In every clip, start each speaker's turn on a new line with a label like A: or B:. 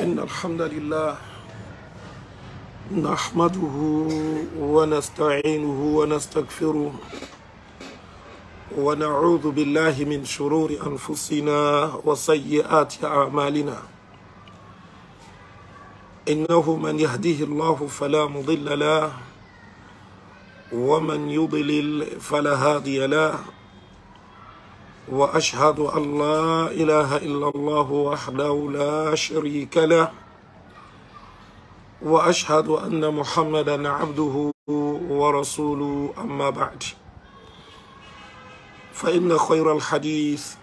A: إن الحمد لله نحمده ونستعينه ونستغفره ونعوذ بالله من شرور أنفسنا وسيئات أعمالنا إنه من يهديه الله فلا مضل له ومن يضلل فلا هادي له واشهد ان لا اله الا الله وحده لا شريك له واشهد ان محمدا عبده ورسوله اما بعد فان خير الحديث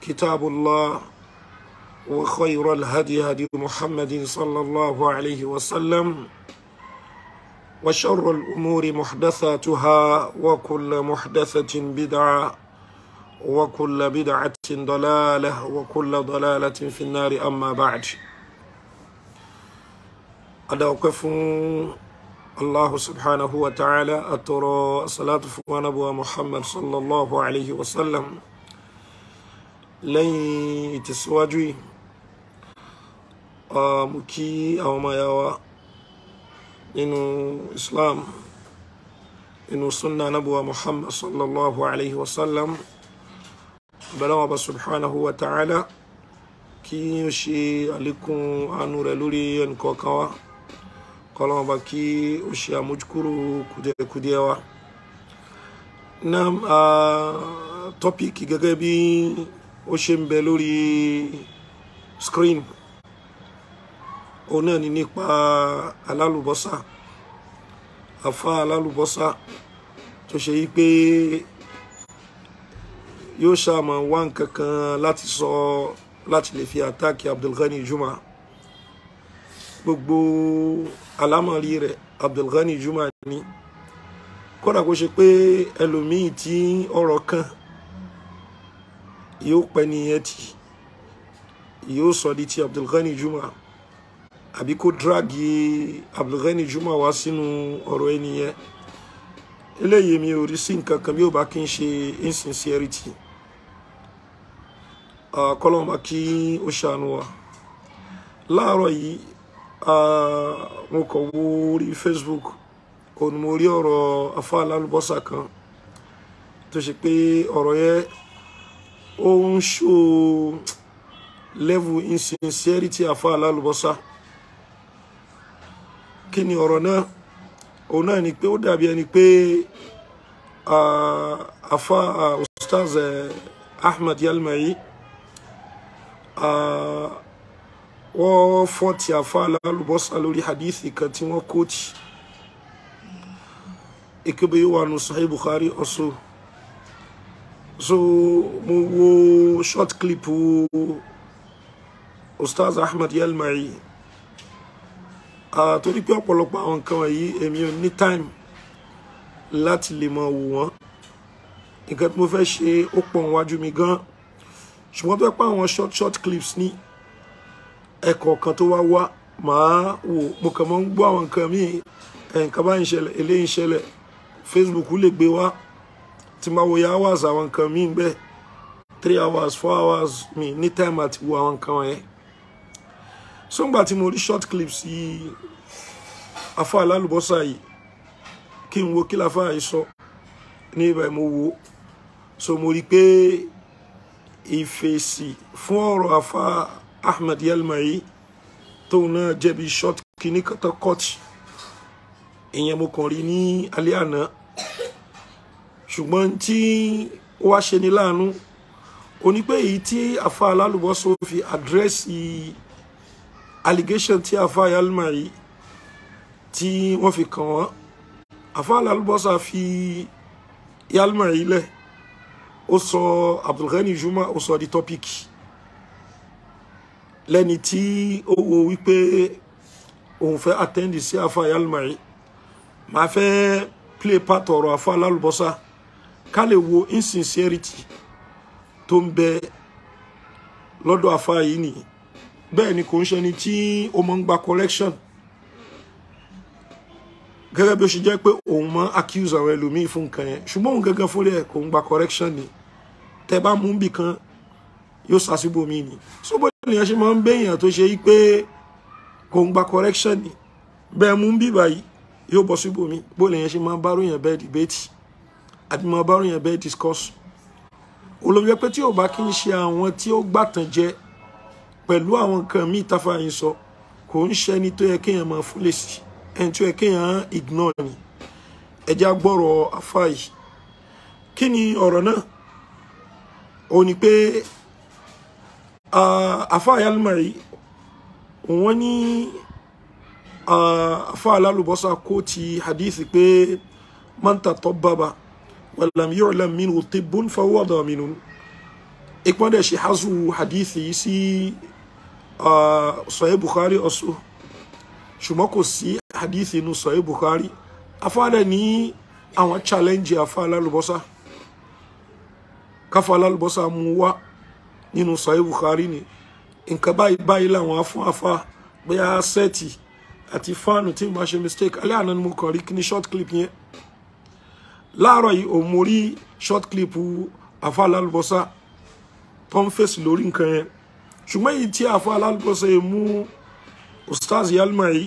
A: كتاب الله وخير الهدي هدي محمد صلى الله عليه وسلم وشر الامور محدثاتها وكل محدثه بدعه وكل بدعة ضلالة وكل ضلالة في النار أما بعد أدوقف الله سبحانه وتعالى أترى صلاة ونبوة محمد صلى الله عليه وسلم لن تسواجي مكي أو ما يوى إنه إسلام إنه سنة نبوة محمد صلى الله عليه وسلم bẹ́lẹ́wọ̀n bá subhanahu wa ta'ala kí ó ṣe àlékún àánú rẹ̀ lórí ẹnìkọ̀ọ̀kan wa kọ́lọ́wọ́n bá kí ó ṣe àmójúkúrò kùdìẹ̀kùdìẹ̀ wa. náà tọ́píìkì gẹ́gẹ́ bí ó ṣe ń bẹ lórí screen òun ni nípa alálùbọ́sà àfa alálùbọ́sà tó ṣe yí pé yóò ṣàmà wá nǹkan kan láti sọ láti lè fi àtàkì Abdulghani Juma gbogbo alámọ̀rí rẹ̀ Abdulghani Juma ni kódà kó ṣe pé ẹlòmíì tí ọ̀rọ̀ kan yóò pẹ́ ní ẹtì yóò sọ di ti Abdulghani Juma àbí kó dragi Abdulghani Juma wá sínú ọ̀rọ̀ ẹnìyẹn eléyìí mi ò rí sí nǹkan kan bí ó bá kí n ṣe insincerity kọ́lọ́wọ́n bá kí ó ṣàánú wa láàárọ̀ yìí mo kọ̀ wo orí Facebook òun mo rí ọ̀rọ̀ afá alálùbọ́sà kan tó ṣe pé ọ̀rọ̀ yẹn ó ń ṣó level insincerity afá alálùbọ́sà kí ni ọ̀rọ̀ náà òun náà ni pé ó dàbí ẹni pé afá ustaz eh, Ahmad Yalmai. Uh, wọ́n fọ́ ti àfa alálùbọ́sà lórí hadithi kan tí wọ́n kóòtì ìkébé yóò wà nù Sahih Bukhari ọ̀sọ́ so mo wo short clip wo Ustaz Ahmad Yelmari ah, torí pé ọ̀pọ̀lọpọ̀ àwọn nǹkan wọ̀nyí èmi ò ní time láti lè mọ̀ wò wọ́n nǹkan tí mo fẹ́ ṣe ó pọ̀ níwájú mi gan-an ṣùgbọ́n tó pa àwọn short short clips ní ẹ̀kọ́ kan tó wá wá màá wò mo kàn mọ́ ń gbọ́ àwọn nǹkan míì nǹkan bá ń ṣẹlẹ̀ eléyìí ń ṣẹlẹ̀ Facebook lè gbé wá tí máa wo ya hours àwọn nǹkan míì bẹ́ẹ̀ three hours four hours mi ní time àti wo àwọn nǹkan yẹn sóńgbà tí mo rí short clips yìí afọ alálùbọ́sà yìí kí n wo kí láfa yìí sọ ní ibà mo wo so mo rí pé ìfèsì fún ọ̀rọ̀ afa Ahmed Yelmayi tóun náà jẹ̀bi short kìíní kọ́tọ́ kọ́ọ̀tì ìyẹn mo kàn rí ní alẹ́ àná ṣùgbọ́n tí ó wá ṣe ni láàánú ó ní pé èyí tí afa alálùbọ́sọ fi àdírẹ́sì allegation tí afa Yelmayi tí wọ́n fi kàn wọ́n afa alálùbọ́sọ fi Yelmayi lẹ̀ ó sọ Abdulghani Juma ó sọ di tọ́píkì lẹ́ni tí ó wo wípé òun fẹ́ àtẹ́ndì sí afa yalmari màá fẹ́ play part ọ̀rọ̀ afa lálùbọ́sà ká lè wo insincerity tó ń bẹ lọ́dọ̀ afa yìí nìyí bẹ́ẹ̀ ni kò ń ṣe ni tí ó mọ̀ ń gba correction gẹ́gẹ́ bí ó ṣe jẹ́ pé òun máa accuse àwọn ẹlòmíì fún nǹkan yẹn ṣùgbọ́n òun gangan fúnra kò ń gba correction ni tẹ bá mú bì kan yóò ṣàṣìbò mi ni so bó nìyẹn ṣe máa ń béèyàn tó ṣe pé kò ń gba correction ni bẹ́ẹ̀ mú bì báyìí yóò bọ́ síbò mi bó nìyẹn ṣe máa ń bárò yẹn bẹ́ẹ̀ debate àti máa bárò yẹn bẹ́ẹ̀ discuss olóbi jẹ́ pé tí ò bá kí n ṣe àwọn tí ó gbàtàn jẹ pẹ̀lú àwọn nǹkan míì táfà yín sọ kò ń ṣẹni tó yẹ kéèyàn máa fúlẹ̀ sí i ẹni tí ó yẹ kéèyàn ignore ni ẹjá gbọ́rọ̀ afá yìí kí ni ọ̀rọ̀ náà ó ní pé afá yálùmọ̀rí wọ́n ní afá alálùbọ́sà kó ti hadith pé man tatabbaba walam yu'lam minhu tibbun fahuwa daminun ìpọ́n dẹ̀ ṣe hazu hadithi yìí sí sọ̀yẹ́ Bukhari ọ̀sọ́ ṣùgbọ́n kò sí Hadithi inú sọ̀rọ̀ Bukhari afáàdẹ̀ ní àwọn challenge afá alálùbọ́sà káfá alálùbọ́sà mú wá nínú Bukhari ni nǹkan báyìí báyìí làwọn afún afá bóyá sẹ́ẹ̀tì àti fáànù tí mo ṣe mistake alẹ́ àná ni mo kàn ni short clip yẹn láàárọ̀ yìí òun mo short clip afá alálùbọ́sà tó ń fèsì lórí nǹkan yẹn ṣùgbọ́n èyí tí afá alálùbọ́sà yẹn ustaz yalma yìí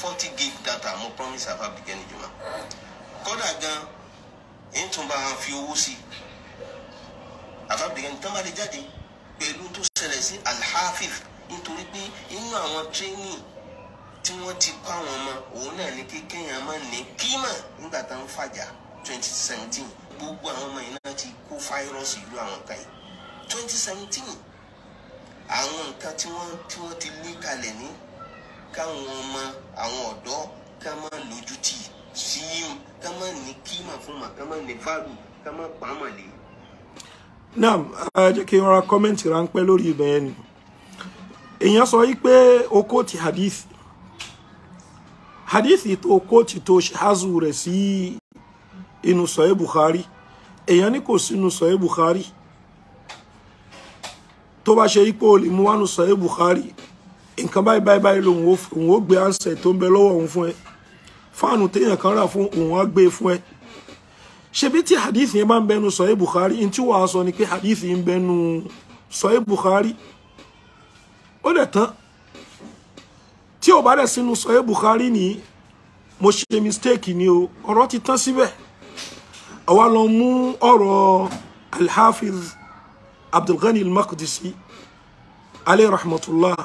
B: forty gig data mo promise àfa Abdulgani Juma kódà gan ń tún bá wọn fi owó sí àfa Abdulgani tán bá lè jáde pẹ̀lú tó ṣẹlẹ̀ sí alhafif nítorí pé inú àwọn tírénì tí wọ́n ti kọ́ àwọn ọmọ òun náà ní kékèèyàn máa ní kímà nígbà tá ń fàjà twenty seventeen gbogbo àwọn ọmọ yìí náà ti kó fáírọ́ọ̀sì ìlú àwọn kan yìí twenty seventeen àwọn nǹkan tí wọ́n ti lé kalẹ̀ ní káwọn ọmọ àwọn ọ̀dọ́ ká má lójú tì sí yíyún ká má ní kíma fún mà ká má ní fáàlù ká má pàmọ̀ lé.
A: náà ẹ jẹ́ kí n ra kọ́mẹ́ǹtì ráńpẹ́ lórí ibẹ̀ yẹn nù èèyàn sọ yí pé o kóòtì hadith hadith tó kóòtì tó ṣe hazu rẹ̀ sí inú sọ̀yẹ́ Bukhari èèyàn ní kò sínú sọ̀yẹ́ Bukhari tó bá ṣe yí pé o lè mú wánu sọ̀yẹ́ Bukhari nǹkan báyìí báyìí báyìí lòun ò gbé ansẹ̀ tó ń bẹ lọ́wọ́ òun fún ẹ fáànù téèyàn kan rà fún òun á gbé e fún ẹ ṣebí tí hadith yẹn bá ń bẹnu sọ̀yẹ́ Bukhari n tí wàá sọ ni pé hadith yẹn ń bẹnu sọ̀yẹ́ Bukhari ó dẹ̀ tán tí ò bá dẹ̀ sínú sọ̀yẹ́ Bukhari ni mo ṣe mistake ni o ọ̀rọ̀ ti tán síbẹ̀ àwa lọ mú ọ̀rọ̀ Al-Hafiz Abdulghani Al-Maqdisi alayhi rahmatullah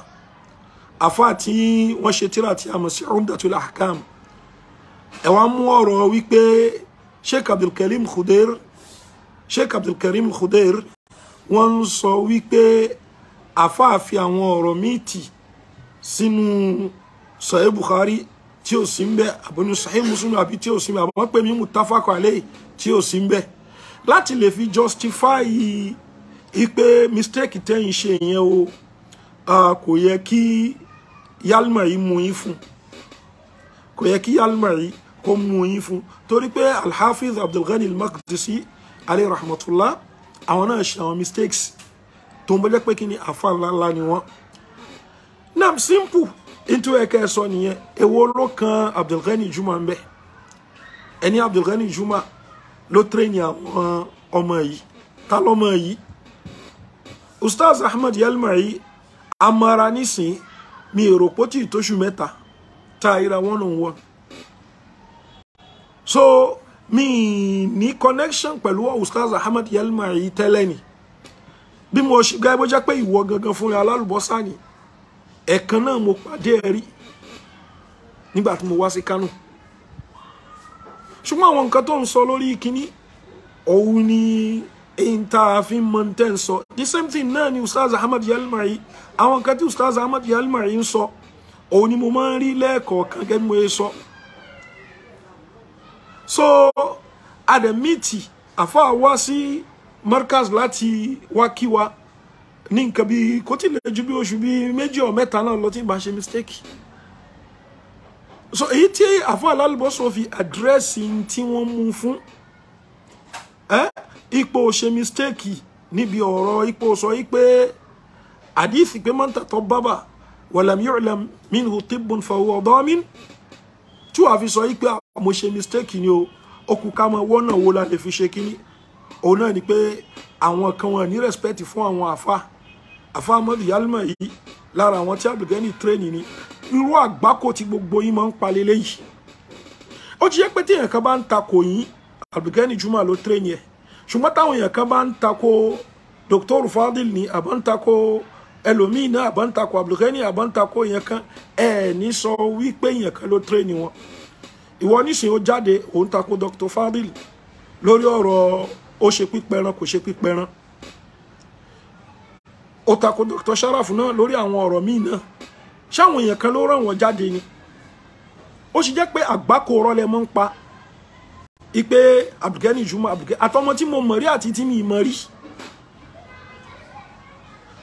A: àfáà tí wọ́n ṣe tíra tí a mọ̀ sí Umdatul Ahkam ẹ̀ wá mú ọ̀rọ̀ wípé Sheikh Abdulkarim Khudair Sheikh Abdulkarim Khudair wọ́n ń sọ wípé àfáà fi àwọn ọ̀rọ̀ míì tì sínú Sahih Bukhari tí ò sí ń bẹ àbọnú Sahih Muslim àbí tí ò sí ń bẹ àbọ̀n pè mí muttafaq alayhi tí ò sí ń bẹ láti lè fi justify ipe mistake tẹ́yìn ṣe yẹn o kò yẹ kí yálmọ̀ yìí mú yín fún kò yẹ kí yálmọ̀ yìí kó mú yín fún torí pé alhafiz abdulghani al-maqdisi alayhi àwọn náà ṣe àwọn mistakes tó ń bọ́jẹ́ pé kí ni àfa ńláńlá ni wọ́n nam simple into ẹ̀ka ẹ̀ sọ nìyẹn èwo ló kan abdulghani juma ń bẹ ẹni abdulghani juma ló tẹ́rẹ̀nì àwọn ọmọ yìí ta lọ́mọ yìí ustaz ahmed yalmari amara nísìnyí mi èrò pó tí ìtóṣù mẹ́ta tá a ira one on one so mi ní connection pẹ̀lú Ustaz Ahmad Yelmari tẹ́lẹ̀ ni bí mo ṣe gáyé bó jẹ́ pé ìwọ gangan fúnra alálùbọ́sà ni ẹ̀kan náà mo pàdé ẹ rí nígbà tí mo wá sí Kánò ṣùgbọ́n àwọn nǹkan tó ń sọ lórí kínní òun ni in ta fi so the same thing náà ni ustaz ahmad yalmari àwọn kan tí ustaz ahmad yalmari ń sọ òun ni mo máa ń rí lẹ́ẹ̀kọ̀ọ̀kan gẹ́gẹ́ mo ṣe so ademiti afa wá sí markaz láti wá kí wa ní nǹkan bíi kò tí lè ju bí oṣù bíi méjì ọ̀ mẹ́ta náà lọ mistake so èyí tí àfọ alálùbọ́sọ fi àdírẹ́sì tí wọ́n mú fún eh? ipò ṣe mistake níbi ọ̀rọ̀ ipò sọ pé àdìsí pé máa ń tàtọ́ bábà wàlàm yóò lẹ́m mínú tíbùn fọwọ́ dọ́mín tí wàá fi sọ pé ah, mo ṣe mistake ni o okùn ká mọ wọ́nà wo la lè fi ṣe kíní òun náà ni pé àwọn kan wọn ní respect fún àwọn àfa àfa Ahmad Yalma yìí lára àwọn tí Abdulgani tírénì ni irú àgbákò tí gbogbo yín máa ń palẹ̀ léyìí ó ti jẹ́ pé tí èèyàn kan bá ń takò yín Abdulgani Juma ló tírénì ẹ̀ ṣùgbọ́n táwọn èèyàn kan bá ń takò Dr. Fadil ni àbọ̀ ń takò ẹlòmíín náà àbọ̀ ń takò Abdulkani àbọ̀ ń takò èèyàn kan ẹ̀ ní sọ wípé èèyàn kan ló tréni wọn ìwọ nísìnyí ó jáde òun takò Dr. Fadil lórí ọ̀rọ̀ ó ṣe pípẹran kò ṣe pípẹran ó takò Dr. Sharaf náà lórí àwọn ọ̀rọ̀ míì náà ṣáwọn èèyàn kan ló ràn wọ́n jáde ni ó sì jẹ́ pé àgbákò rọlẹ̀ mọ́ ń pa ipe Abdulkani Juma Abdulkani àtọmọ tí mo mọ̀ rí àti tí mi mọ̀ rí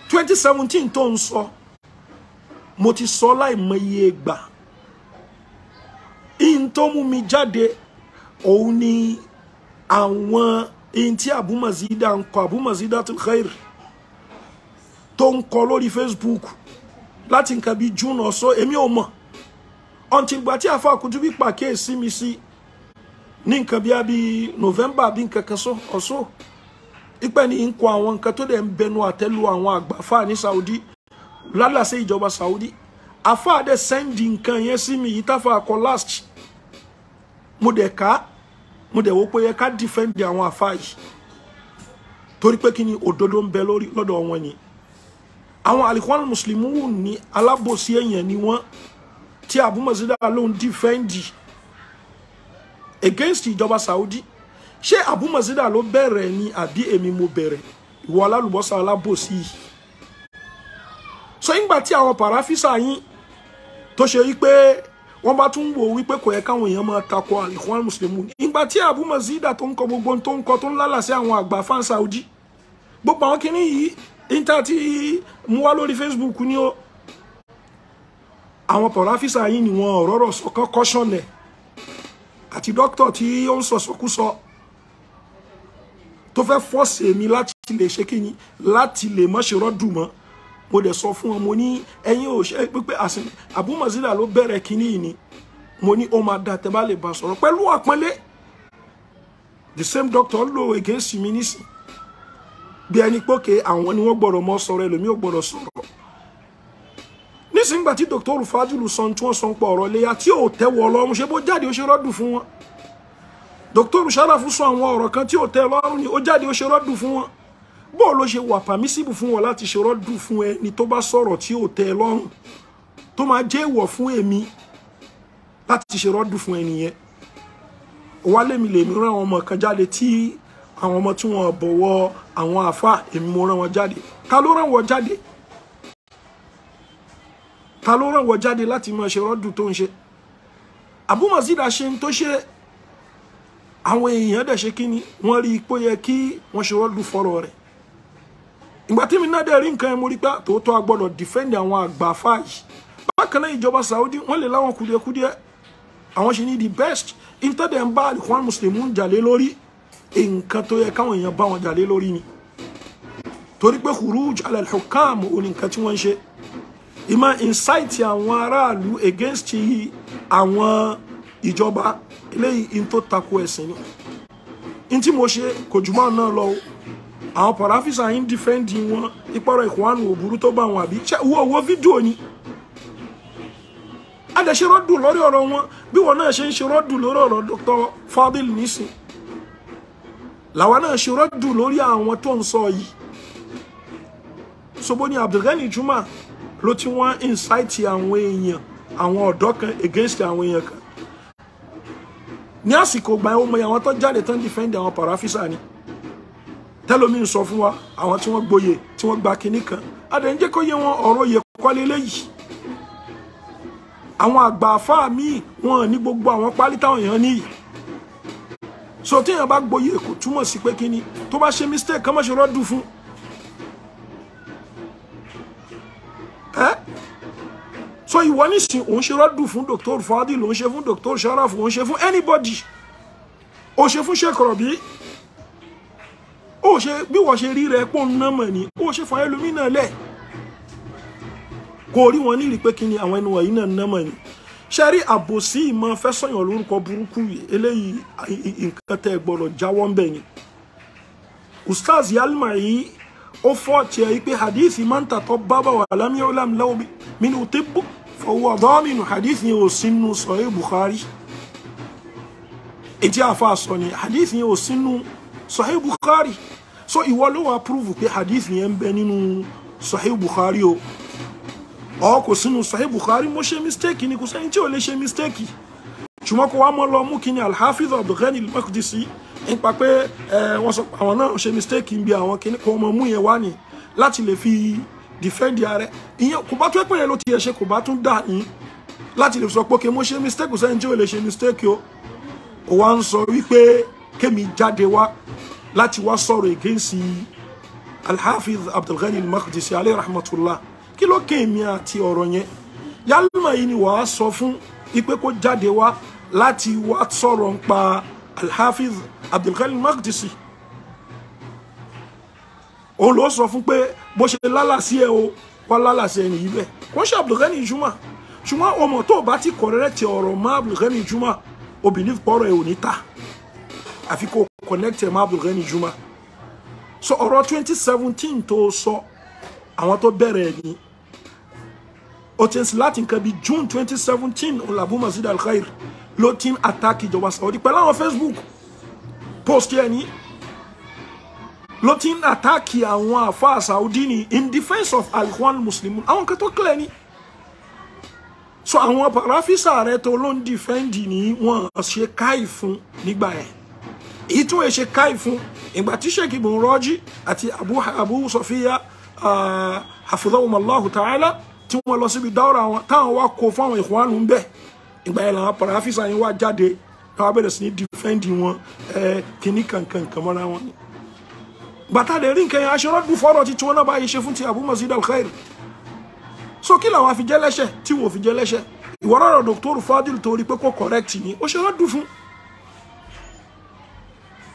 A: twenty seventeen tó ń sọ mo ti sọ láìmọye gbà ihun tó mú mi jáde òun ni àwọn ihun tí abumazida ń kọ abumazida tó khair tó ń kọ lórí Facebook láti nǹkan bíi june ọ̀sọ́ èmi ò mọ̀ ọ̀ǹtìgbà tí àfa àkútúbí pàkíyèsí mi sí. Si ní nǹkan bíi àbí november àbí nǹkan kan so ọ̀sọ́ ìpẹ́ ní nkọ àwọn nǹkan tó dẹ̀ ń bẹnu àtẹ́lu àwọn àgbàfà ní saudi lálàsẹ́ ìjọba saudi àfà dẹ̀ sẹ́ndì nǹkan yẹn sí mi yìí táfà kọ last mo dẹ̀ ká mo dẹ̀ wò pé yẹ ká dìfẹ́ǹdì àwọn àfà yìí torí pé kí ni òdodo ń bẹ lórí lọ́dọ̀ wọn ni àwọn alikwani muslimu ni wọ́n tí abúmọ̀sídà ló ń defendi against ìjọba Saudi ṣé Abu Mazida ló bẹ̀rẹ̀ ni àbí èmi mo bẹ̀rẹ̀ ìwọ alálùbọ́sà alábòsí yìí so ìgbà tí àwọn pàráfísà yín tó ṣe wípé wọ́n bá tún wò wípé kò yẹ káwọn èèyàn máa takò àlìkùn mùsùlùmù ìgbà tí Abu Mazida tó ń kọ gbogbo tó ń kọ tó ń lálàsí àwọn àgbà fan Saudi gbogbo àwọn kìnìún yìí níta tí mo wá lórí Facebook ni ó àwọn pàráfísà yín ni wọn ọ̀rọ̀ rọ̀ sọ kán kọ́ṣọ̀nẹ̀ àti dókítà tí ó ń sọ̀sọ̀kúsọ tó fẹ́ fọ́ọ̀sì èmi láti lè ṣe kí ni láti lè mọ́ ṣe rọ́dù mọ́ mo dẹ̀ sọ fún wọn mo ní ẹ̀yin ò ṣe pípé àsìn àbúmọ̀sílà ló bẹ̀rẹ̀ kínní yìí ni mo ní ó máa da tẹ́ bá lè bá sọ̀rọ̀ pẹ̀lú àpọ́nlé the same doctor lò against mi nísìn bí ẹni pé òkè àwọn ni wọ́n gbọ́dọ̀ mọ́ sọ̀rọ̀ ẹlòmíì ò gbọ́dọ̀ sọ̀rọ̀ nísìnyìngbà tí dr fájúlù san tí wọ́n san pa ọ̀rọ̀ léyà tí ò tẹ́wọ́ ọlọ́run ṣe bó jáde ó ṣe rọ́dùn fún wọn dr sharafu sọ àwọn ọ̀rọ̀ kan tí ò tẹ́ ọlọ́run ni ó jáde ó ṣe rọ́dùn fún wọn bó ló ṣe wà pàmísìbù fún wọn láti ṣe rọ́dùn fún ẹni tó bá sọ̀rọ̀ tí ò tẹ́ ọlọ́run tó máa jẹ́ ìwọ̀ fún èmi láti ṣe rọ́dùn fún ẹni yẹn wá lèmi lèmi rán àwọn ọmọ kan jáde tí àwọn ọmọ tí wọn bọ̀wọ̀ àwọn àáfàá èmi mo rán wọn jáde ta ló rán wọn jáde ta ló ràn wọ́n jáde láti máa ṣe rọ́dù tó ń ṣe Abu Mazid Hashim tó ṣe àwọn èèyàn dẹ̀ ṣe kí ni wọ́n rí i pé ó yẹ kí wọ́n ṣe rọ́dù fọ́rọ̀ rẹ̀ ìgbà tí mi náà dẹ̀ rí nǹkan ẹ̀ mo rí pé ah, tòótọ́ a gbọ́dọ̀ àwọn àgbà fáyì bákan náà ìjọba Saudi wọ́n lè láwọn kùdìẹ̀kùdìẹ̀ àwọn ṣe ní the best intanet ń bá àlùkùn mùsùlùmí jà lé lórí nǹkan tó yẹ káwọn èèyàn bá wọn jà lórí ni torí pé khuruj ala al-hukam ò ní nǹkan tí wọ́n ń ṣe ìmọ̀ incite àwọn aráàlú against àwọn ìjọba eléyìí in tó tako ẹ̀sìn ni in tí mo ṣe kò jùmọ̀ náà lọ o àwọn pàráfíṣà yìí ń dìfẹ́ǹdì wọn ìpọ̀rọ̀ ìkùnwánu òburú tó bá wọn àbí ṣe wo owó fídíò ni adẹ̀ṣe rọ́dù lórí ọ̀rọ̀ wọn bí wọn náà ṣe ń ṣe rọ́dù lórí ọ̀rọ̀ Dr. Fadil nisin làwa náà ṣe rọ́dù lórí àwọn tó ń sọ yìí sobo ni Abdulgani Juma ló ti wọ́n incite àwọn èèyàn àwọn ọ̀dọ́ kan against àwọn èèyàn kan ní àsìkò gba ọmọ yẹn àwọn tó jáde tán defend àwọn parafisa ni tẹlomi ń sọ fún wa àwọn tí wọ́n gboyè tí wọ́n gba kinní kan adẹnjẹ kó yẹ wọn ọ̀rọ̀ yẹ kọlé léyìí àwọn àgbà àfáà míì wọn ní gbogbo àwọn pálí táwọn èèyàn níyì so téèyàn bá gboyè kò túmọ̀ sí pé kínní tó bá ṣe mistake kán má ṣe rọ́dù fún un so ìwọ nísìn òun ṣe rọ́dù fún Dr. Fadil òun ṣe fún Dr. Sharaf òun ṣe fún anybody ó ṣe fún ṣèkọrọ̀bí ó ṣe bí wọ́n ṣe rí rẹ pọ́n náà mọ̀ ní ó ṣe fún ẹlòmínà lẹ̀ kò rí wọn ní rí pé kí ni àwọn ẹnu wọ̀nyí náà náà mọ̀ ní ṣe rí àbòsí ìmọ̀ fẹ́ sọ̀yàn lórúkọ burúkú eléyìí nǹkan tẹ́ gbọ́dọ̀ jáwọ́ ń bẹ̀ yẹn ustaz yalma yìí ó fọ́ tiẹ̀ yìí pé hadith man tatabba wa lam yu'lam lahu minhu tibbu owó ọ̀dọ́mìnù hadith yẹn ò sínú sọ̀rọ̀ Bukhari ètí àfa sọ ni hadith yẹn ò sínú sọ̀rọ̀ Bukhari so ìwọ ló wà púrúfù pé hadith yẹn ń bẹ nínú sọ̀rọ̀ Bukhari o ọ kò sínú sọ̀rọ̀ Bukhari mo ṣe mistake ni kò sẹ́yìn tí ò lè ṣe mistake ṣùgbọ́n kò wá mọ́ lọ mú kí ni Al-Hafiz Abdulghani Al-Maqdisi nípa pé wọ́n sọ àwọn náà ṣe mistake ń àwọn kìnnìkan ọmọ mú yẹn wá ni láti lè fi defend ààrẹ ìyẹn kò bá tó ẹ̀pẹ̀ yẹn ló ti yẹ ṣe kò bá tún dà yín láti lè sọ pé mo ṣe mistake kò enjoy tí ò mistake o ò wá ń sọ wípé kémi jáde wa láti wá sọ̀rọ̀ against alhafiz abdulghani al-maqdisi alayhi rahmatullah kí ló kéèmí àti ọ̀rọ̀ yẹn yálùmọ̀ yìí ni wàá sọ fún ipe kó jáde wá láti wá sọ̀rọ̀ nípa alhafiz abdulghani al-maqdisi òun ló sọ fún pé bó ṣe lálàsí ẹ o wá lálàsí ẹ nìyí bẹ́ẹ̀ wọ́n ṣe Abdulghani Juma ṣùgbọ́n ọmọ tó bá ti correct ọ̀rọ̀ mọ́ Abdulghani Juma o believe pọ̀rọ̀ ẹ ò ní ta àfi kò connect ẹ mọ́ Abdulghani Juma so ọ̀rọ̀ 2017 tó sọ àwọn tó bẹ̀rẹ̀ ẹ̀ ni ó ti ń sin láti nǹkan bíi June 2017 olabu masjid alkhair ló ti ń attack ìjọba Saudi pẹ̀lú àwọn Facebook post yẹn ni ló ti ń àtáàkì àwọn àfáà Saudi ni in defence of Al-Ikhwan Muslimun àwọn kan tó ni so àwọn parafisa rẹ tó ló ń dìfẹ́ǹdì ní wọn ṣe káì fún nígbà yẹn èyí tí wọn ṣe káì fún ìgbà tí sheik ibn rọjí àti abu abu sofiya ah, hafidhahum allahu ta'ala tí wọn lọ síbi dáwọra wọn táwọn wá kó fún àwọn ikhwanu ń bẹ ìgbà yẹn làwọn parafisa yẹn wá jáde táwọn bẹ̀rẹ̀ sí ní dìfẹ́ǹdì wọn eh, kìíní kankan kan mọ́ra wọn ni gbàtà lè rí nǹkan yẹn aṣọ́rọ́dún fọ́rọ̀ tí tiwọn náà bá yẹ ṣe fún ti Abu Mas'ud Al-Khair so kí làwọn àfi jẹ́ lẹ́ṣẹ̀ tí wọn ò fi jẹ́ lẹ́ṣẹ̀ ìwọ́rọ̀rọ̀ Dr. Fadil torí pé kò correct ni ó ṣọ́rọ́dún fún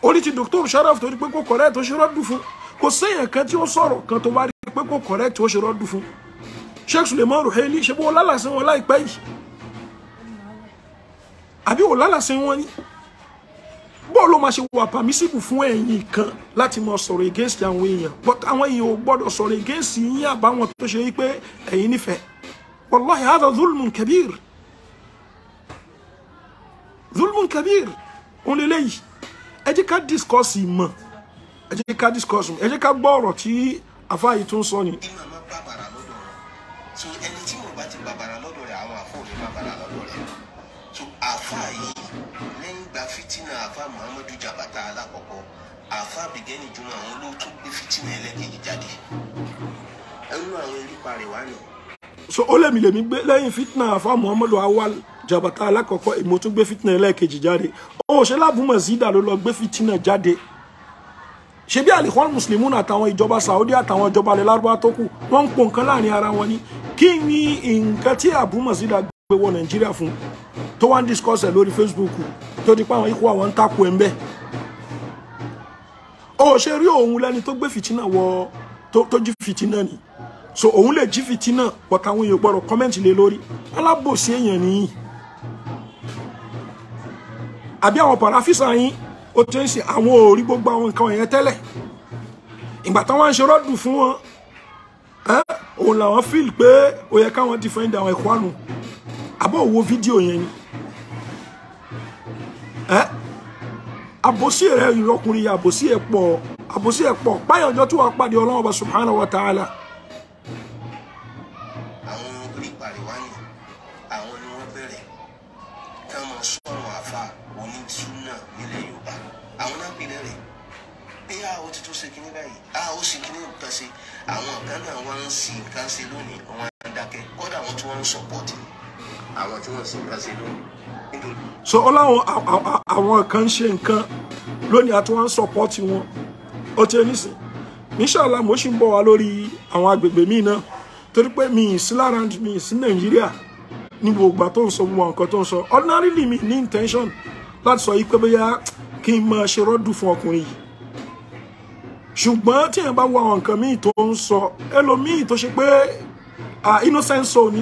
A: orí ti Dr. Sharaf torí pé kò correct ó ṣọ́rọ́dún fún kò séèyàn kan tí ó sọ̀rọ̀ kan tó bá rí pé kò correct ó ṣọ́rọ́dún fún Sheikh Suleiman Ruhaili ṣe bó lálàsí wọn láìpẹ́ yìí àbí wò lálàsí wọn ni bọ́ọ̀ ló máa ṣe wà pàmísìkù fún ẹ̀yin kan láti máa sọ̀rọ̀ against àwọn èèyàn but àwọn èèyàn ò gbọ́dọ̀ sọ̀rọ̀ against yín àbáwọn tó ṣe wípé ẹ̀yin nífẹ̀ẹ́ wallahi hadha zulmun kabir zulmun kabir òun lélẹ́yìí ẹ jẹ́ ká discuss ìmọ̀ ẹ jẹ́ ká discuss ẹ jẹ́ ká gbọ́ ọ̀rọ̀ tí àfáà yìí tún sọ ni. ẹni tí mo bá ti bàbàrà lọ́dọ̀ rẹ̀ àwọn àfọ̀ òní bàbàrà lọ́dọ̀ rẹ̀
B: àfa muhammadu jabata alákọ̀ọ́kọ́ àfa bìgẹ́nì jùmọ̀ àwọn olóòtú gbé fìtínà ẹlẹ́kejì jáde ẹnu àwọn erípa rẹ̀
A: wá nù. so ó lèmi lèmi gbé lẹ́yìn fitna àfa muhammadu awal jabata Alakoko èmi tún gbé fitna ẹlẹ́kejì jáde òun ṣe lábùmọ̀ zida ló lọ gbé fitna jáde ṣebí àlìkọ́n mùsùlùmí àtàwọn ìjọba saudi àtàwọn ìjọba ilẹ̀ lárúbá tó kù wọ́n ń pò nǹkan láàrin ara wọn ni kí ni nǹkan tí àbúmọ̀sídà gbé wọ nàìjíríà fún tó wá ń discuss ẹ̀ lórí facebook tó di pé àwọn ikú àwọn ń tako ẹ̀ ń bẹ̀ ó ṣe rí òun lẹ́ni tó gbé fìtínà wọ tó jí fìtínà ni so òun lè jí fìtínà but àwọn èèyàn gbọ́dọ̀ kọ́mẹ́ǹtì lé lórí alábòsí èèyàn nìyí àbí àwọn pàráfísà yín ó ti ń ṣe àwọn òrí gbogbo àwọn nǹkan yẹn tẹ́lẹ̀ ìgbà táwọn ń ṣe rọ́dù fún wọn òun làwọn fíìl pé ó yẹ káwọn ti fẹ́ ń da àwọn ẹ̀kọ́ àánú àbọ̀ òwò fídíò yẹn ni àbòsí rẹ ìrọkùnrin yà àbòsí ẹ pọ̀ àbòsí ẹ pọ̀ páyọ̀ ọjọ́ tí wàá pàdé ọlọ́run ọba Subhana wa ta'ala. àwọn onípàrẹwà ni àwọn ni wọ́n bẹ̀rẹ̀
B: ká máa sọ̀rọ̀ àfa onísúnà nílẹ̀ yorùbá àwọn náà pinnu rẹ̀ pé a ó ti tó ṣe kíní báyìí a ó ṣe kíní nǹkan ṣe àwọn kan náà wọ́n ń ṣe nǹkan ṣe lónìí wọ́n á dákẹ́ kódà wọ́n tún wọ́n ń sọ̀pọ̀tì ni àwọn tí wọ́n sì nǹkan ṣe lónìí.
A: so ó láwọn àwọn kan ń ṣe nǹkan lónìí àti wọ́n ń sọpọ́tì wọn ó ti nísìn inshallah mo ṣì ń bọ̀ wá lórí àwọn agbègbè míì náà torí pé mi ì sí lára mi ì sí nàìjíríà ní gbogbo tó ń sọ gbogbo nǹkan tó ń sọ ordinarily mi ní intention láti sọ yìí pé bóyá kí n máa ṣe rọ́dù fún ọkùnrin yìí ṣùgbọ́n tí èèyàn bá wo àwọn nǹkan míì tó ń sọ ẹlòmíì tó ṣe pé innocent soul ni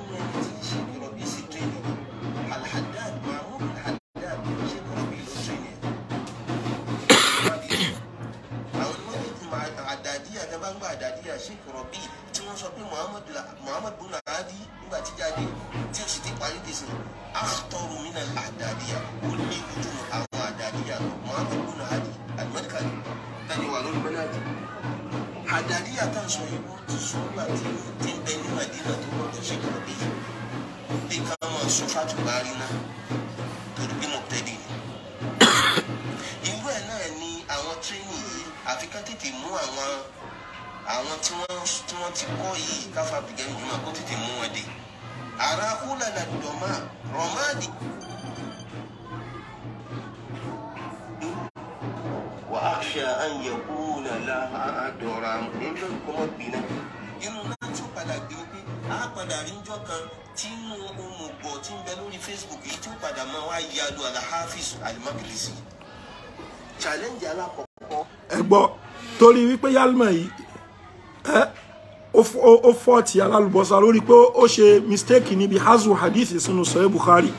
B: aṣọ ìwọ tó sọ́gbà tí ń bẹ ní màdínà tó gbọdọ̀ ṣe kàn bí bí ká máa sọ fàtúgbà rí náà torí pé mo tẹ́lẹ̀ ni. E. irú ẹ̀ náà ni àwọn tírénì yìí àfi ká a mú àwọn àwọn tí wọ́n ti kọ́ yìí káfa bìgẹ́ ìjùmọ̀ kó tètè mú na dé. àrà yakhsha an yakuna laha adra òun bẹ̀rù kó mọ̀ gbé náà inú náà tún padà gbé pé a padà rí njọ́ kan tínú òmùgọ̀ tí ń challenge alákọ̀ọ́kọ́.
A: ẹ gbọ́ torí wípé yálùmọ̀ yìí ẹ ó fọ́ọ̀tì alálùbọ́sà lórí pé ó ṣe mistake níbi hazu hadith sínú sọ́yẹ́ Bukhari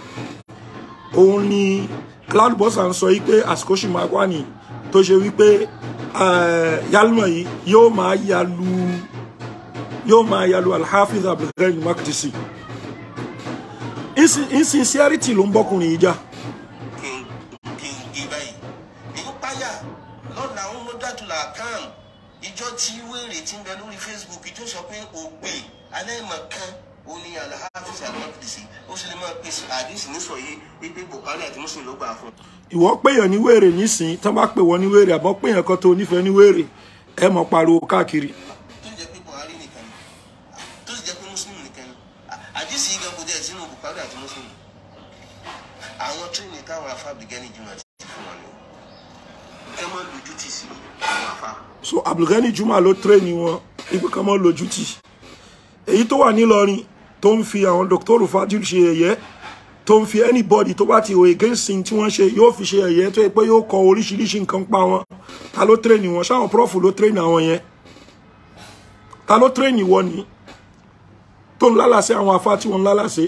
A: òun ni alálùbọ́sà ń sọ yìí pé àsìkò ṣì máa wà ní tó ṣe wípé eh, yálùmọ̀ yìí yóò máa yalu yóò máa yalu alhafiz abdulrahman makdisi insincerity ló ń bọ́kùnrin yìí já. ìwọ péyàn ní wèrè nísìnyí tán bá pè wọ́n ní wèrè àbọ̀ péyàn kan tó nífẹ̀ẹ́ ní wèrè ẹ mọ̀ pariwo káàkiri. ni
B: tó ni àdìsí yìí gan kò dé sínú Buhari
A: so Abdulgani Juma ló tírénì wọn ibi kan mọ́ lójú tì èyí tó wà nílọrin tó ń fi àwọn dókítà Fadil ṣe yẹ̀yẹ́ tó ń fi anybody tó bá ti wò against sin tí wọ́n ṣe yóò fi ṣe ẹ̀yẹ tó yẹ pé yóò kọ oríṣiríṣi nǹkan pa wọn ta ló train wọn ṣáwọn prof ló train àwọn yẹn ta ló train ìwọ ni tó ń lálàsẹ àwọn afá tí wọ́n ń lálàsẹ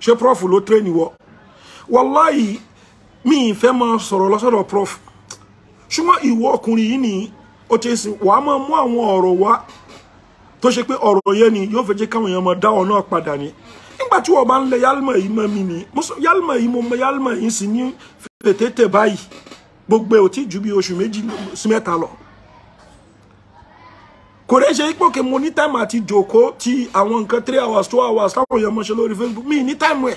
A: ṣé prof ló train ìwọ wàláyì mi ìfẹ́ máa sọ̀rọ̀ lọ́sọ̀rọ̀ prof ṣùgbọ́n ìwọ ọkùnrin yìí ni ó ti sìn wàá máa mú àwọn ọ̀rọ̀ wá tó ṣe pé ọ̀rọ̀ yẹn ni yóò fẹ́ jẹ́ káwọn èèyàn máa dá ọ náà padà ni nígbà tí wọ́n bá ń lẹ yálmà yìí mọ́ mi ni yálmà yìí mo mọ yálmà yìí sì ní fètètè báyìí gbogbo ẹ̀ ò tí ju bí oṣù méjì sí mẹ́ta lọ kò rẹ́ ṣe ipò kí mo ní táìmù àti jòkó ti àwọn nǹkan three hours two hours táwọn èèyàn mọ̀ṣẹ́ lórí Facebook mi ní táìmù ẹ̀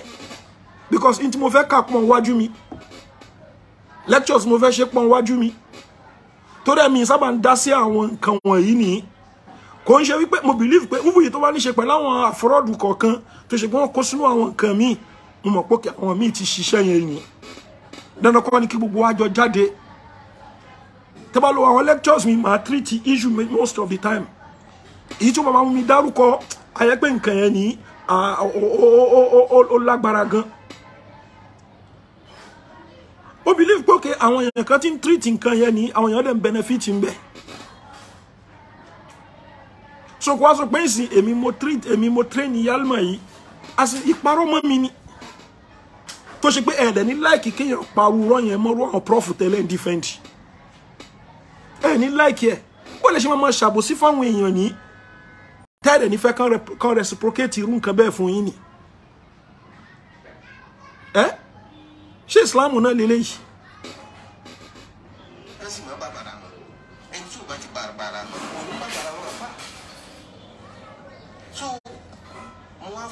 A: because n tí mo fẹ́ kà pọ̀n wájú mi lectures mo fẹ́ ṣe pọ̀n wájú mi tó dẹ̀ sábà ń dá sí àwọn nǹkan wọ̀nyí nìyí kò ń ṣe wípé mo believe pé múvù yìí tó bá ní ṣe pẹ̀lú àwọn àfọrọ́dù kọ̀ọ̀kan tó ṣe pé wọ́n kó sínú àwọn nǹkan míì mo mọ̀ pé àwọn míì ti ṣiṣẹ́ yẹn ni dandan kọ́ ni kí gbogbo wa jọ jáde tó bá lo àwọn lectures mi máa treat issue most of the time èyí tó bàbá mi dárúkọ ayẹ pé nǹkan yẹn ni ó lágbára gan ó believe pé ok àwọn èèyàn kan ti ń treat nǹkan yẹn ni àwọn èèyàn dẹ̀ ń benefit ń bẹ́ẹ̀ so kó wá sọ pé ìsìn èmi mo treat èmi mo train yálmọ̀ yìí àti ìparọ́ mọ́ mi ni tó ṣe pé ẹ̀ẹ́dẹ̀ eh, ní láìkì kéèyàn parúurọ́ yẹn mọ́rú àwọn prof tẹ́lẹ̀ ń dífẹ́ǹdì ẹ̀ ní láìkì ẹ̀ bó lè ṣe máa ṣàbòsí fáwọn èèyàn ní tẹ́ẹ̀dẹ̀ nífẹ̀ẹ́ kan reciprocate irú nǹkan bẹ́ẹ̀ fún yín ni ẹ́ eh? ṣé ìsìláàmù náà lélẹ́yìí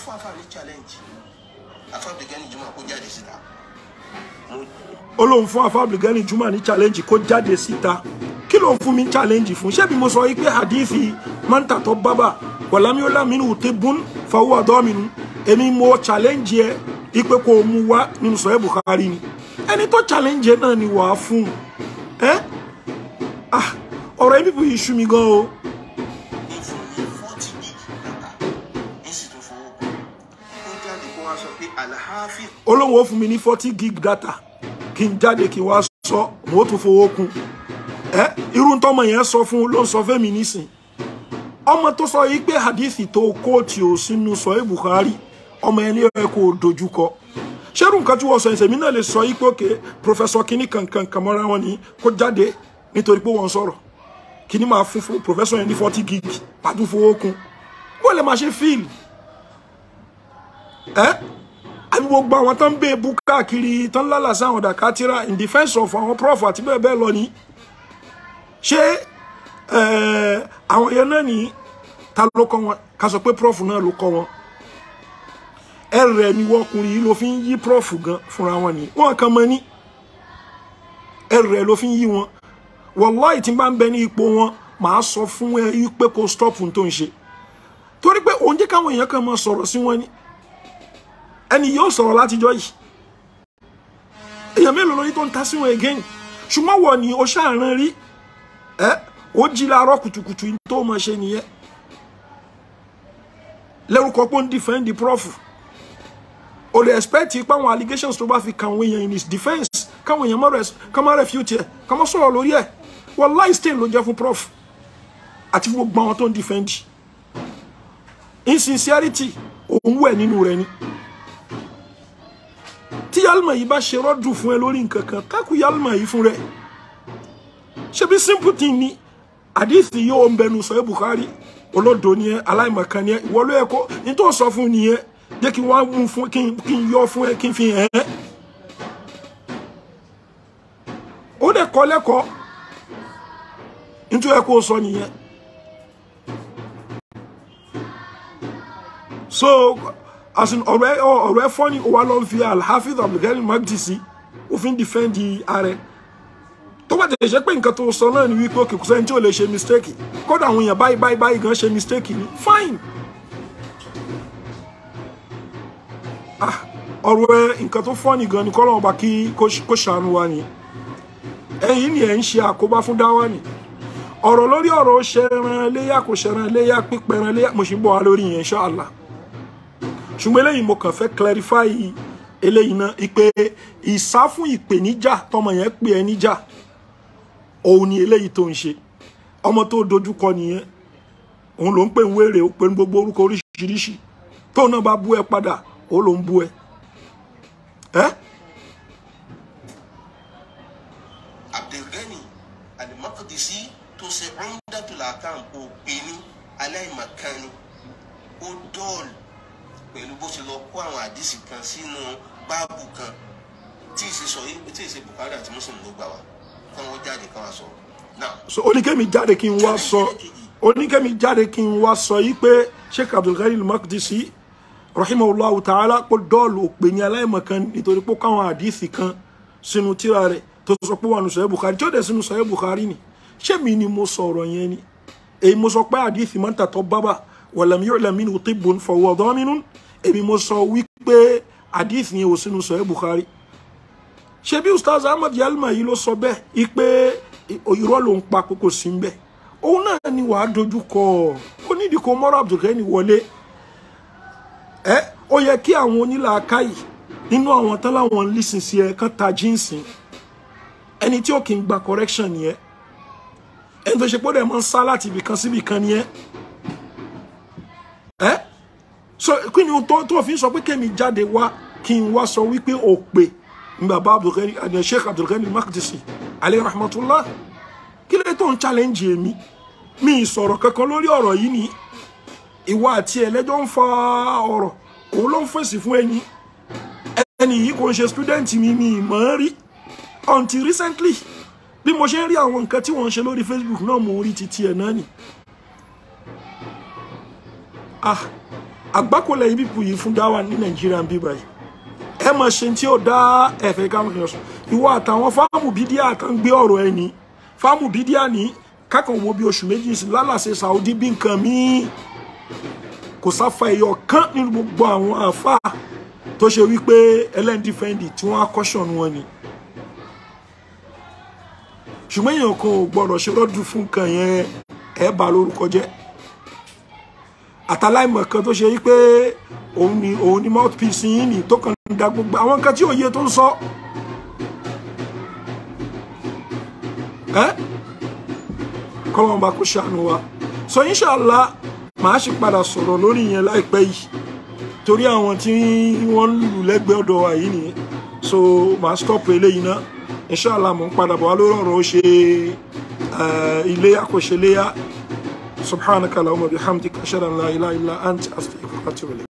B: fún àfààní challenge afábìlgani juma kó jáde síta.
A: ó lóun fún afábìlgani juma ní challenge kó jáde síta kí ló ń fún mi challenge fún ṣebí mo sọ yìí pé hadithi manta tó bábà wàlámíọ́lá mi ò tẹ bún fawọ́ ọ̀dọ́ mi nù èmi mo challenge ẹ ipe kò mú wá nínú sọ̀rọ̀ Bukhari ni ẹni tó challenge ẹ náà ni wàá fún un ẹ ah, ọ̀rọ̀ ibi bù yìí mi gan o. olóhùn ó fún mi ní forty gig data kí n jáde kí n wá sọ mo tún fowó kún ẹ irú tọmọ yẹn sọ fún ló ń sọ fẹmi nísìn ọmọ tó sọ yìí pé hadithi tó kóòtì ò sínú sọ é Bukhari ọmọ ẹni ẹ kò dojúkọ ṣerú nǹkan tí wọ́n sọ ẹsẹ̀ mi náà lè sọ yìí pé òkè pòfẹsọ kínní kankan kan mọ́ra wọn ni kó jáde nítorí pé wọ́n sọ̀rọ̀ kínní máa fún pòfẹsọ yẹn ní forty gig pàtó fowó kún wọ́n lè máa ṣe fíìlì ẹ́ àbí gbogbo àwọn tó ń bẹ ebú káàkiri tó ń lálàsá àwọn dàkátìrà in defence of àwọn prof àti bẹ́ẹ̀ bẹ́ẹ̀ lọ ni ṣé àwọn yẹn náà ní ta ló kọ́ wọn ká sọ pé prof náà ló kọ́ wọn ẹ rẹ̀ ni wọkùnrin yìí ló fi ń yí prof gan fúnra wọn ni wọn kàn mọ ní ẹ rẹ̀ ló fi ń yí wọn wàláì tí n bá ń bẹ ní ipò wọn màá sọ fún ẹ yí pé kó stop n tó ń ṣe torí pé òun jẹ́ káwọn èèyàn kan máa sọ̀rọ̀ sí wọn ni ẹni yóò sọ̀rọ̀ látijọ́ yìí èèyàn mélòó lórí tó ń ta sí again ṣùgbọ́n wọ̀ ni o ṣàrán rí ẹ ó jí láàárọ̀ kùtùkùtù tó mọ̀ ṣe nìyẹn lẹ́rùkọ pé ó ń defend the prof o lè expect pé àwọn allegations tó bá fi kàn wọ́n èèyàn in his defence káwọn èèyàn má refute ẹ̀ ká má sọ̀rọ̀ lórí ẹ̀ wallahi stain ló jẹ́ fún prof àti gbogbo àwọn tó ń defend insincerity òun wẹ̀ nínú rẹ̀ ni tí yálùmọ̀ yìí bá ṣe rọ́dù fún ẹ lórí nǹkan kan tákù yálùmọ̀ yìí fún rẹ ṣebí simple thing ni àdìsí yóò ń bẹnu sọ ẹ Bukhari olódo ni Alai aláìmọ̀kan ni ẹ ìwọ ló yẹ kó ní tó sọ fún nìyẹn jẹ́ kí wọ́n mú fún kí n yọ fún ẹ kí n fi hàn ẹ́ ó dẹ̀ kọ́ lẹ́kọ̀ọ́ nítorí ẹ kó sọ nìyẹn so As ọ̀rọ̀ ẹ ọ̀rọ̀ ẹ fọ́ ni ó wá lọ fi alhafiz abdulgani magdisi ó fi ń dìfẹ́ǹdì ààrẹ tó bá tẹ̀lé ṣe pé nǹkan tó sọ náà ni wípé òkè kò sẹ́ni tí ò lè ṣe mistake kódà àwọn èèyàn báyìí báyìí báyìí gan ṣe mistake ni fine ah ọ̀rọ̀ ẹ nǹkan tó fọ́ ni gan ni kọ́lọ́wọ́n bá kí kó ṣàánú wa ni ẹ̀yin ni ẹ̀ ń ṣe àkóbá fún dáwà ni ọ̀rọ̀ lórí ọ̀rọ̀ ṣẹran léyà kò ṣẹran léyà pípẹran léyà mo ṣì ń bọ̀ wá lórí yẹn insha Allah ṣùgbọ́n eléyìí mo kàn fẹ́ clarify eléyìí náà ìpè ìsá fún ìpèníjà tọmọ yẹn pè ẹ́ níjà òun ni eléyìí tó ń ṣe ọmọ tó dojúkọ nìyẹn òun ló ń pè ń wéèrè ó pè ń gbogbo orúkọ oríṣiríṣi tóun náà bá bú ẹ padà ó ló ń bú ẹ ẹ. Abdulgani
B: tó ṣe Umdatul Ahkam òpin ní aláìmọ̀kan ó dọ́ọ̀lù pẹ̀lú bó ṣe lọ kó àwọn àdìsí kan sínú báàbù kan tí ìṣe sọ yìí tí ìṣe Bukhari àti Muslim ló gbà wá káwọn jáde káwọn sọ.
A: so oníkẹ́mi jáde kí n wá sọ oníkẹ́mi jáde kí n wá sọ yìí pé Sheikh Abdulghani al-Maqdisi rahimahullahu ta'ala pé dọ́ọ̀lù òpè ní aláìmọ̀ kan nítorí pé káwọn àdìsí kan sínú tíra rẹ̀ tó sọ pé wà nù sọ̀yẹ́ Bukhari tí ó èyí mo sọ pé àdìsí máa ń tàtọ́ bábà wàlàmíyọ̀làmínú tó bùn fọwọ́ dọ́mínú èmi mo sọ wípé hadith yẹn ò sínú sọ̀rọ̀ Bukhari ṣé bí ustaz ahmed yalma yìí ló sọ bẹ́ẹ̀ ipe irọ́ ló ń pa kókò sí ń bẹ̀ òun náà ni wàá dojú kọ ó nídìí kó mọ́rọ̀ abdulkani wọlé ẹ ó yẹ kí àwọn onílàákàyè nínú àwọn tán láwọn ń lísìn sí ẹ kán ta jíǹsì ẹni tí ó kì í gba correction nìyẹn ẹni tó ṣe pé ó dẹ̀ máa ń sá láti ibìkan síbìkan nìyẹn ẹ. Eh? so kí ni tó tó fi ń sọ pé kémi jáde wá kí n wá sọ wípé òpè ní bàbá abdulkani àdìyàn eh, sheikh abdulkani makdisi alayhi rahmatullah kí lè tó ń challenge èmi mi sọ̀rọ̀ kankan lórí ọ̀rọ̀ yìí ni ìwà àti ẹlẹ́jọ́ ń fa ọ̀rọ̀ òun ló ń fèsì fún ẹ̀yin ẹni yìí kò ń ṣe student mi mi mọ̀ ń rí until recently bí mo ṣe ń rí àwọn nǹkan tí wọ́n ń ṣe lórí Facebook náà mo rí titi ẹ̀ náà ni. ah àgbákò lẹ́yìn bíbu yìí fún dáwà ní nàìjíríà ń bí báyìí ẹ mọ̀ ṣe tí ó dá ẹ̀fẹ̀ káwọn èèyàn sọ ìwọ àtàwọn fáàmù bídíà kan gbé ọ̀rọ̀ ẹ ní fáàmù bídíà ní kákan wo bí oṣù méjì sí lálàsẹ saudi bí nǹkan míì kò sáfa ẹyọ kan nínú gbogbo àwọn àáfàá tó ṣe wípé ẹlẹ́ndífẹ́ndì tí wọ́n á kọ́ṣọ̀nù wọn ni ṣùgbọ́n èèyàn kan ò gbọ́dọ̀ ṣe rọ́dù fún nǹkan yẹn ẹ̀ bá lórúkọ jẹ́ àtàláìmọ̀ kan tó ṣe wípé òun ni òun ni mouthpiece yín ni tó kàn ń da gbogbo àwọn nǹkan tí òye tó ń sọ. kọ́lọ́n bá kó ṣàánú wa so inṣàlá màá sì padà sọ̀rọ̀ lórí yẹn láìpẹ́ yìí torí àwọn tí wọ́n lù lẹ́gbẹ̀ẹ́ ọ̀dọ̀ wa yìí nìyẹn so màá stop eléyìí náà inṣàlá mò ń padà bọ̀ wá lórí ọ̀rọ̀ ó ṣe ilé àkọṣeléyà. سبحانك اللهم بحمدك أشهد أن لا إله إلا أنت أستغفرك وأتوب إليك